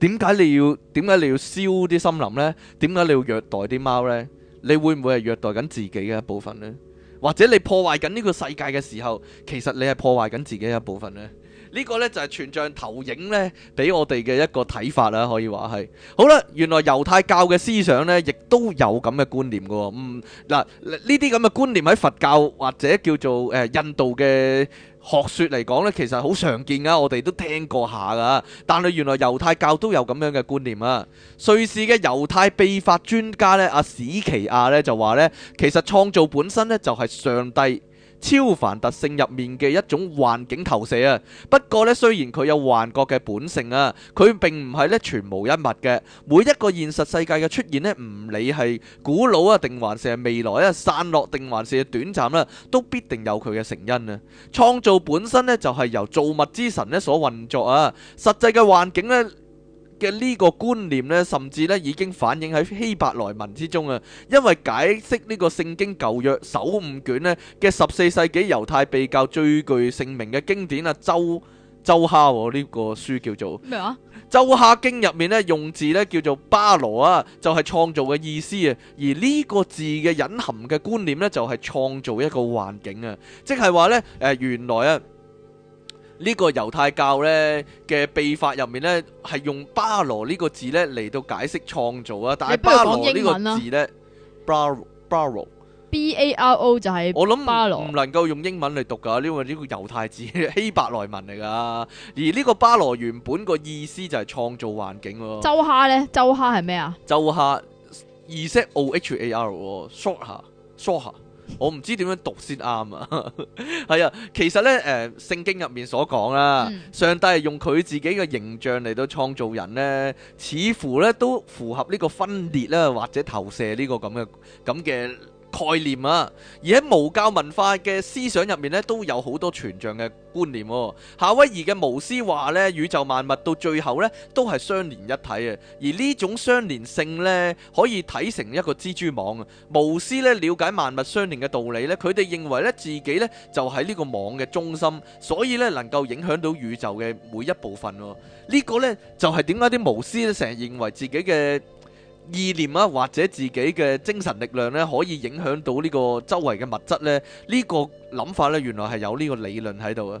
點解你要點解你要燒啲森林咧？點解你要虐待啲貓咧？你會唔會係虐待緊自己嘅一部分咧？或者你破壞緊呢個世界嘅時候，其實你係破壞緊自己嘅一部分咧？呢個咧就係全像投影咧，俾我哋嘅一個睇法啦，可以話係。好啦，原來猶太教嘅思想咧，亦都有咁嘅觀念噶喎。嗯，嗱呢啲咁嘅觀念喺佛教或者叫做誒印度嘅。學説嚟講，呢其實好常見噶，我哋都聽過下噶。但係原來猶太教都有咁樣嘅觀念啊。瑞士嘅猶太秘法專家呢，阿史奇亞呢，就話呢，其實創造本身呢，就係上帝，超凡特性入面嘅一種幻境投射啊！不過呢，雖然佢有幻覺嘅本性啊，佢並唔係呢全無一物嘅。每一個現實世界嘅出現呢，唔理係古老啊定還是係未來啊，散落定還是係短暫啊，都必定有佢嘅成因啊！創造本身呢，就係由造物之神呢所運作啊！實際嘅幻境呢，嘅呢個觀念呢，甚至呢已經反映喺希伯來文之中啊，因為解釋呢個聖經舊約首五卷呢嘅十四世紀猶太秘教最具盛名嘅經典啊，周周哈呢個書叫做咩啊？周哈經入面呢用字呢叫做巴羅啊，就係創造嘅意思啊。而呢個字嘅隱含嘅觀念呢，就係創造一個環境啊，即係話呢，誒原來啊。呢個猶太教咧嘅秘法入面咧，係用巴羅呢個字咧嚟到解釋創造啊！但係巴羅呢個字咧，baro baro b a r o 就係我諗唔能夠用英文嚟讀㗎，呢個呢個猶太字希 伯來文嚟㗎。而呢個巴羅原本個意思就係創造環境喎。周蝦咧，周蝦係咩啊？周蝦意思 o h a r s h o r h o 我唔知點樣讀先啱啊！係啊，其實呢，誒、呃，聖經入面所講啦，嗯、上帝係用佢自己嘅形象嚟到創造人呢，似乎呢都符合呢個分裂啦，或者投射呢個咁嘅咁嘅。概念啊！而喺巫教文化嘅思想入面咧，都有好多全像嘅觀念。夏威夷嘅巫師話咧，宇宙萬物到最後咧，都係相連一體啊！而呢種相連性咧，可以睇成一個蜘蛛網啊！巫師咧了解萬物相連嘅道理咧，佢哋認為咧自己咧就喺呢個網嘅中心，所以咧能夠影響到宇宙嘅每一部分咯。呢、這個咧就係點解啲巫師咧成日認為自己嘅。意念啊，或者自己嘅精神力量咧，可以影響到呢個周圍嘅物質咧，呢個諗法咧，原來係有呢個理論喺度啊。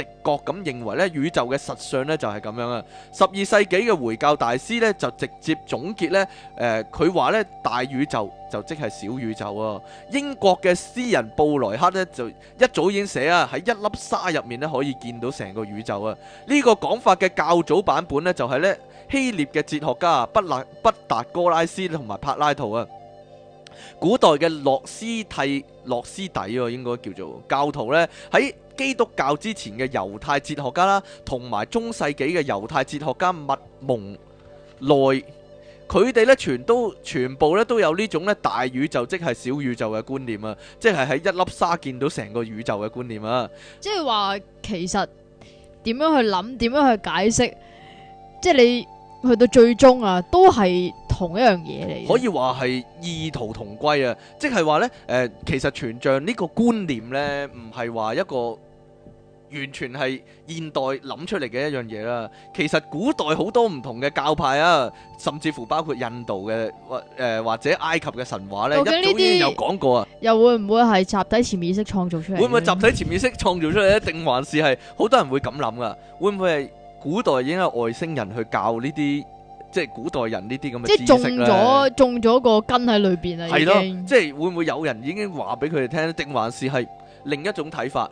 直覺咁認為咧，宇宙嘅實相咧就係咁樣啊！十二世紀嘅回教大師咧就直接總結咧，誒，佢話咧，大宇宙就即係小宇宙啊！英國嘅詩人布萊克咧就一早已經寫啊，喺一粒沙入面咧可以見到成個宇宙啊！呢個講法嘅較早版本咧就係咧希臘嘅哲學家畢畢達哥拉斯同埋柏拉圖啊。古代嘅諾斯替諾斯底哦，應該叫做教徒呢，喺基督教之前嘅猶太哲學家啦，同埋中世紀嘅猶太哲學家密蒙內，佢哋呢全都全部咧都有呢種咧大宇宙即係小宇宙嘅觀念啊，即係喺一粒沙見到成個宇宙嘅觀念啊，即係話其實點樣去諗，點樣去解釋，即係你去到最終啊，都係。同一樣嘢嚟，可以話係異途同歸啊！即係話呢，誒、呃，其實全像呢個觀念呢，唔係話一個完全係現代諗出嚟嘅一樣嘢啦。其實古代好多唔同嘅教派啊，甚至乎包括印度嘅或、呃、或者埃及嘅神話咧，一早已經有講過啊，又會唔會係集體潛意識創造出嚟？ 會唔會集體潛意識創造出嚟咧？定還是係好多人都會咁諗噶？會唔會係古代已經有外星人去教呢啲？即係古代人呢啲咁嘅知識啦，即係種咗種咗個根喺裏邊啦，已經。即係會唔會有人已經話俾佢哋聽？定還是係另一種睇法？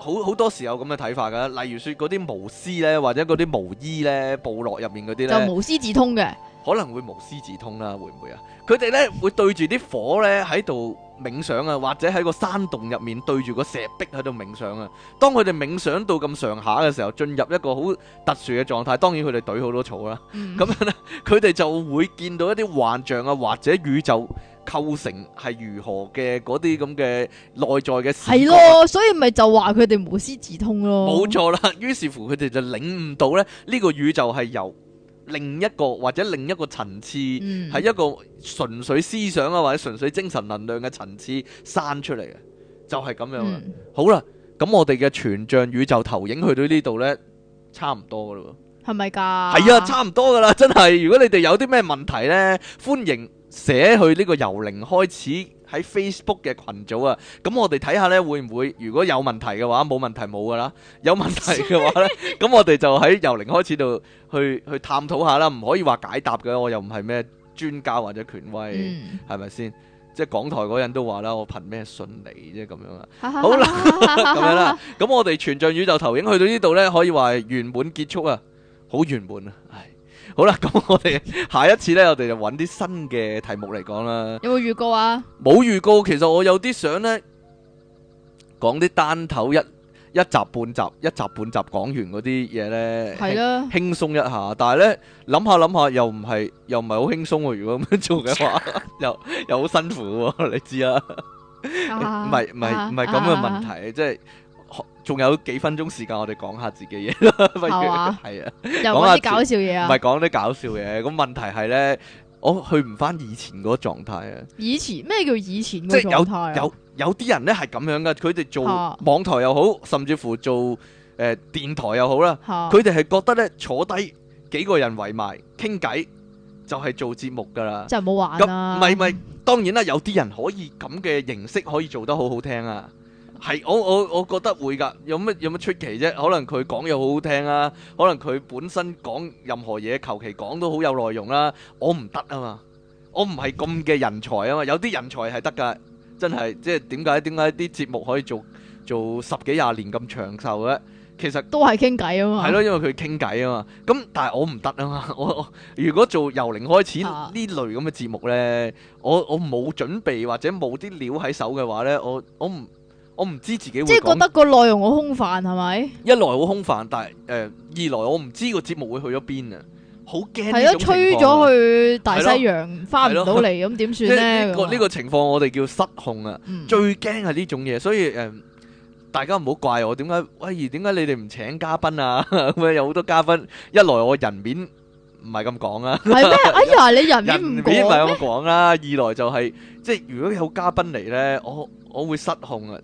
好好多時有咁嘅睇法㗎，例如說嗰啲巫師咧，或者嗰啲巫醫咧，部落入面嗰啲咧，就無師自通嘅，可能會無師自通啦，會唔會啊？佢哋咧會對住啲火咧喺度。冥想啊，或者喺個山洞入面對住個石壁喺度冥想啊。當佢哋冥想到咁上下嘅時候，進入一個好特殊嘅狀態。當然佢哋懟好多草啦，咁、嗯、樣咧，佢 哋就會見到一啲幻象啊，或者宇宙構成係如何嘅嗰啲咁嘅內在嘅。係咯，所以咪就話佢哋無師自通咯。冇錯啦，於是乎佢哋就領悟到咧，呢個宇宙係由。另一個或者另一個層次，係一個純粹思想啊，或者純粹精神能量嘅層次生出嚟嘅，就係咁樣啦。好啦，咁我哋嘅全像宇宙投影去到呢度呢，差唔多噶咯，係咪噶？係啊，差唔多噶啦，真係。如果你哋有啲咩問題呢，歡迎寫去呢個由零開始喺 Facebook 嘅群組啊，咁我哋睇下呢，會唔會如果有問題嘅話，冇問題冇㗎啦，有問題嘅話呢，咁我哋就喺由零開始度去去探討下啦，唔可以話解答嘅，我又唔係咩專家或者權威，係咪先？即係港台嗰人都話啦，我憑咩信你啫咁樣啊？好啦，咁樣啦，咁我哋全像宇宙投影去到呢度呢，可以話係圓滿結束啊，好圓滿啊，係。好啦，咁我哋下一次呢，我哋就揾啲新嘅題目嚟講啦。有冇預告啊？冇預告，其實我有啲想呢，講啲單頭一一集半集一集半集講完嗰啲嘢呢，係啦，輕鬆一下。但係呢諗下諗下，又唔係又唔係好輕鬆喎。如果咁樣做嘅話，又又好辛苦喎。你知啦，唔係唔係唔係咁嘅問題，即係。仲有幾分鐘時間，我哋講下自己嘢。係啊，又講啲搞笑嘢啊，唔係講啲搞笑嘢。咁問題係咧，我去唔翻以前嗰個狀態啊。以前咩叫以前？即係有有有啲人咧係咁樣嘅，佢哋做網台又好，甚至乎做誒電台又好啦。佢哋係覺得咧坐低幾個人圍埋傾偈就係做節目噶啦，就冇話啦。唔係唔係，當然啦，有啲人可以咁嘅形式可以做得好好聽啊。係，我我我覺得會㗎。有乜有乜出奇啫？可能佢講嘢好好聽啊，可能佢本身講任何嘢，求其講都好有內容啦、啊。我唔得啊嘛，我唔係咁嘅人才啊嘛。有啲人才係得㗎，真係即係點解點解啲節目可以做做十幾廿年咁長壽嘅？其實都係傾偈啊嘛。係咯，因為佢傾偈啊嘛。咁但係我唔得啊嘛。我我如果做由零開始呢類咁嘅節目咧、啊，我我冇準備或者冇啲料喺手嘅話咧，我我唔。我唔知自己會即係覺得個內容好空泛，係咪？一來好空泛，但係誒、呃，二來我唔知個節目會去咗邊啊，好驚係啊，吹咗去大西洋，翻唔到嚟咁點算呢呢、呢個呢個情況我哋叫失控啊、嗯，最驚係呢種嘢，所以誒，大家唔好怪我，點解喂？點、哎、解你哋唔請嘉賓啊？咁 有好多嘉賓，一來我人面唔係咁講啊，係咩？哎呀，你人面唔咁講啦。二來就係、是、即係如果有嘉賓嚟呢，我我會失控啊。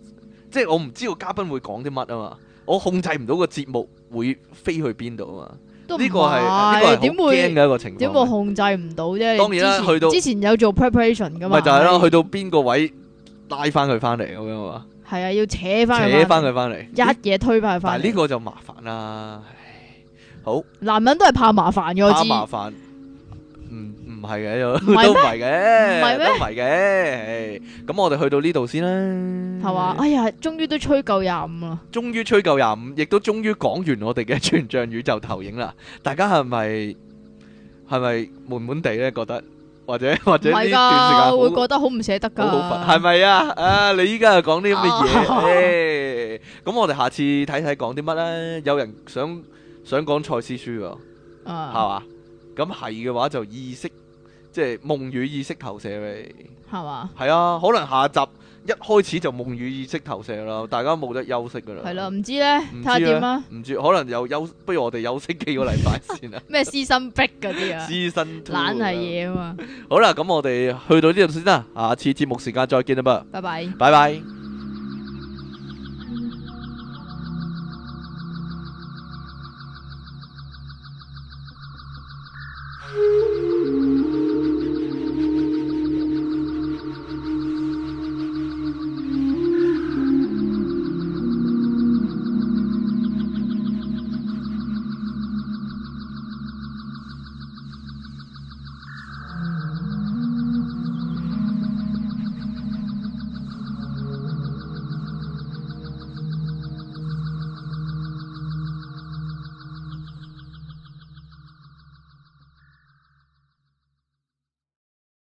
即係我唔知道嘉賓會講啲乜啊嘛，我控制唔到個節目會飛去邊度啊嘛，呢、這個係呢、這個係好驚嘅一個情況，點會點會控制唔到啫。當然啦，去到之前有做 preparation 噶嘛。咪就係咯，去到邊個位拉翻佢翻嚟咁樣啊？係啊，要扯翻扯翻佢翻嚟，一嘢推翻佢翻嚟。但呢個就麻煩啦。好，男人都係怕麻煩嘅，怕麻煩。係嘅，都唔係嘅，都唔係嘅。咁、嗯、我哋去到呢度先啦，係嘛？哎呀，終於都吹夠廿五啦！終於吹夠廿五，亦都終於講完我哋嘅全像宇宙投影啦。大家係咪係咪悶悶地咧？覺得或者或者呢段時間會覺得好唔捨得㗎，係咪啊？ 啊，你依家又講啲咁嘅嘢，咁、 哎、我哋下次睇睇講啲乜啦？有人想想講《蔡思書的》喎、啊，係嘛？咁係嘅話就意識。即係夢與意識投射咪？係嘛？係啊，可能下集一開始就夢與意識投射啦，大家冇得休息噶啦。係咯，唔知咧，睇下點啦。唔、啊、知，可能有休，不如我哋休息幾個禮拜先 啊。咩 season break 嗰啲啊？私心懶係嘢啊嘛。 好啦，咁我哋去到呢度先啦，下次節目時間再見啊噃，拜拜，拜拜。